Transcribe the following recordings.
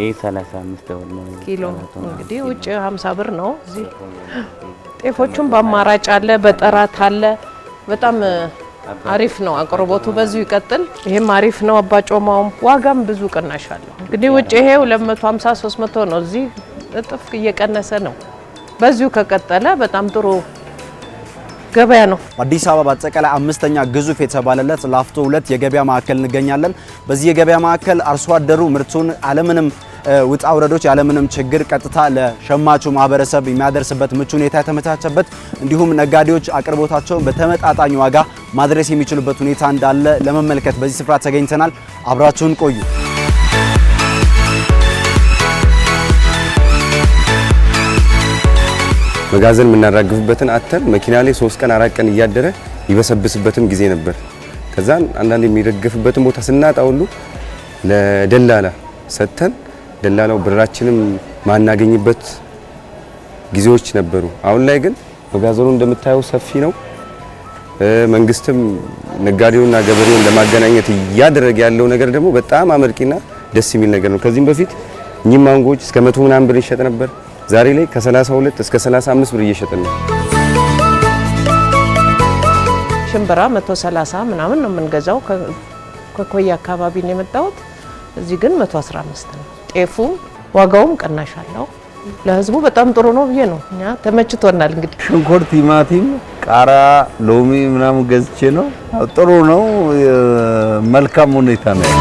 ይህ 35 ደወል ነው ኪሎ እንግዲህ ውጭ 50 ብር ነው። እዚህ ጤፎቹም በአማራጭ አለ፣ በጠራት አለ። በጣም አሪፍ ነው አቅርቦቱ። በዚሁ ይቀጥል። ይሄም አሪፍ ነው። አባጮማውም ዋጋም ብዙ ቅናሽ አለው። እንግዲህ ውጭ ይሄ 250 300 ነው። እዚህ እጥፍ እየቀነሰ ነው። በዚሁ ከቀጠለ በጣም ጥሩ ገበያ ነው። አዲስ አበባ በአጠቃላይ አምስተኛ ግዙፍ የተባለለት ላፍቶ ሁለት የገበያ ማዕከል እንገኛለን። በዚህ የገበያ ማዕከል አርሶ አደሩ ምርቱን አለምንም ውጣ ውረዶች ያለምንም ችግር ቀጥታ ለሸማቹ ማህበረሰብ የሚያደርስበት ምቹ ሁኔታ የተመቻቸበት እንዲሁም ነጋዴዎች አቅርቦታቸውን በተመጣጣኝ ዋጋ ማድረስ የሚችሉበት ሁኔታ እንዳለ ለመመልከት በዚህ ስፍራ ተገኝተናል። አብራችሁን ቆዩ። መጋዘን የምናራግፍበትን አተን መኪና ላይ ሶስት ቀን አራት ቀን እያደረ ይበሰብስበትም ጊዜ ነበር። ከዛን አንዳንድ የሚረገፍበትን ቦታ ስናጣ ሁሉ ለደላላ ሰጥተን ደላላው ብራችንም ማናገኝበት ጊዜዎች ነበሩ። አሁን ላይ ግን መጋዘኑ እንደምታየው ሰፊ ነው። መንግስትም ነጋዴውና ገበሬውን ለማገናኘት እያደረገ ያለው ነገር ደግሞ በጣም አመርቂና ደስ የሚል ነገር ነው። ከዚህም በፊት እኚህ ማንጎዎች እስከ መቶ ምናምን ብር ይሸጥ ነበር። ዛሬ ላይ ከ32 እስከ 35 ብር እየሸጥን ነው። ሽምብራ 130 ምናምን ነው የምንገዛው። ከኮያ አካባቢ ነው የመጣሁት። እዚህ ግን 115 ነው። ጤፉ ዋጋውም ቅናሽ አለው። ለህዝቡ በጣም ጥሩ ነው ብዬ ነው እኛ ተመችቶናል። እንግዲህ ሽንኩርት፣ ቲማቲም፣ ቃራ፣ ሎሚ ምናምን ገዝቼ ነው። ጥሩ ነው። መልካም ሁኔታ ነው።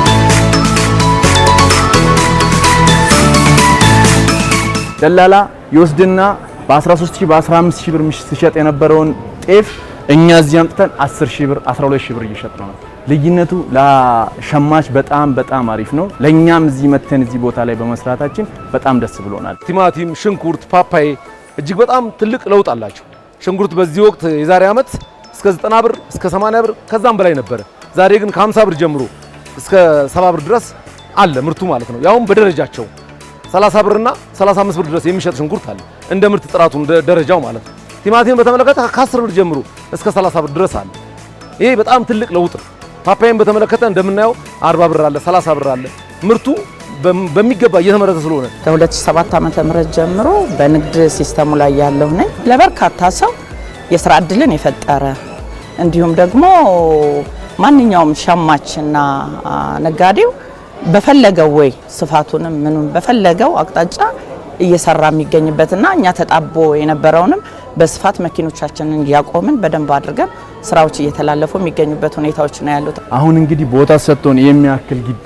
ደላላ ይወስድና በ13000 በ15000 ብር ሲሸጥ የነበረውን ጤፍ እኛ እዚህ አምጥተን 10000 ብር 12000 ብር እየሸጥ ነው። ልዩነቱ ለሸማች በጣም በጣም አሪፍ ነው። ለእኛም እዚህ መተን እዚህ ቦታ ላይ በመስራታችን በጣም ደስ ብሎናል። ቲማቲም፣ ሽንኩርት፣ ፓፓዬ እጅግ በጣም ትልቅ ለውጥ አላቸው። ሽንኩርት በዚህ ወቅት የዛሬ ዓመት እስከ 90 ብር እስከ 80 ብር ከዛም በላይ ነበረ። ዛሬ ግን ከ50 ብር ጀምሮ እስከ 70 ብር ድረስ አለ ምርቱ ማለት ነው። ያውም በደረጃቸው 30 ብርና 35 ብር ድረስ የሚሸጥ ሽንኩርት አለ። እንደ ምርት ጥራቱ እንደ ደረጃው ማለት ነው። ቲማቲም በተመለከተ ከ10 ብር ጀምሮ እስከ 30 ብር ድረስ አለ። ይሄ በጣም ትልቅ ለውጥ ነው። ፓፓያም በተመለከተ እንደምናየው 40 ብር አለ፣ 30 ብር አለ። ምርቱ በሚገባ እየተመረተ ስለሆነ ከ2007 ዓመተ ምህረት ጀምሮ በንግድ ሲስተሙ ላይ ያለው ነኝ ለበርካታ ሰው የስራ እድልን የፈጠረ እንዲሁም ደግሞ ማንኛውም ሸማችና ነጋዴው በፈለገው ወይ ስፋቱንም ምኑም በፈለገው አቅጣጫ እየሰራ የሚገኝበትና እኛ ተጣቦ የነበረውንም በስፋት መኪኖቻችንን እያቆምን በደንብ አድርገን ስራዎች እየተላለፉ የሚገኙበት ሁኔታዎች ነው ያሉት። አሁን እንግዲህ ቦታ ሰጥቶን የሚያክል ግቢ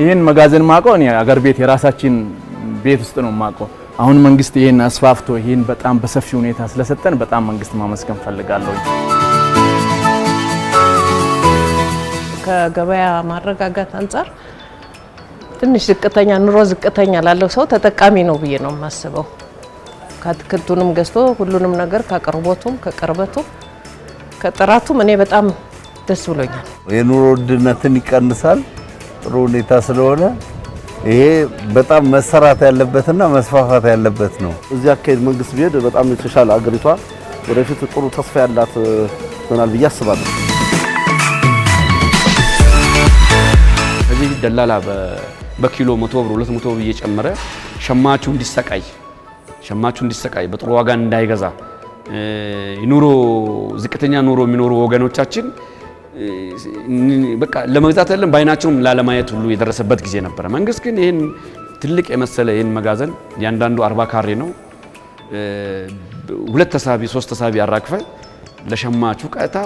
ይህን መጋዘን ማቀው አገር ቤት የራሳችን ቤት ውስጥ ነው ማቀው። አሁን መንግስት ይህን አስፋፍቶ ይህን በጣም በሰፊ ሁኔታ ስለሰጠን በጣም መንግስት ማመስገን ፈልጋለሁ። ከገበያ ማረጋጋት አንጻር ትንሽ ዝቅተኛ ኑሮ ዝቅተኛ ላለው ሰው ተጠቃሚ ነው ብዬ ነው የማስበው። ከአትክልቱንም ገዝቶ ሁሉንም ነገር ከአቅርቦቱም ከቅርበቱም ከጥራቱም እኔ በጣም ደስ ብሎኛል። የኑሮ ውድነትን ይቀንሳል ጥሩ ሁኔታ ስለሆነ ይሄ በጣም መሰራት ያለበትና መስፋፋት ያለበት ነው። እዚህ አካሄድ መንግስት ቢሄድ በጣም የተሻለ አገሪቷ ወደፊት ጥሩ ተስፋ ያላት ይሆናል ብዬ አስባለሁ። ደላላ በኪሎ መቶ ብር ሁለት መቶ ብር እየጨመረ ሸማቹ እንዲሰቃይ ሸማቹ እንዲሰቃይ በጥሩ ዋጋ እንዳይገዛ ኑሮ ዝቅተኛ ኑሮ የሚኖሩ ወገኖቻችን በቃ ለመግዛት አይደለም በአይናቸውም ላለማየት ሁሉ የደረሰበት ጊዜ ነበረ። መንግስት ግን ይህን ትልቅ የመሰለ ይህን መጋዘን ያንዳንዱ አርባ ካሬ ነው ሁለት ተሳቢ ሶስት ተሳቢ አራክፈ ለሸማቹ ቀጥታ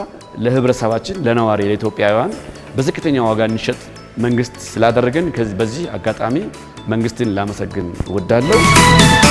ለህብረተሰባችን ለነዋሪ ለኢትዮጵያውያን በዝቅተኛ ዋጋ እንሸጥ መንግስት ስላደረገን በዚህ አጋጣሚ መንግስትን ላመሰግን ወዳለሁ።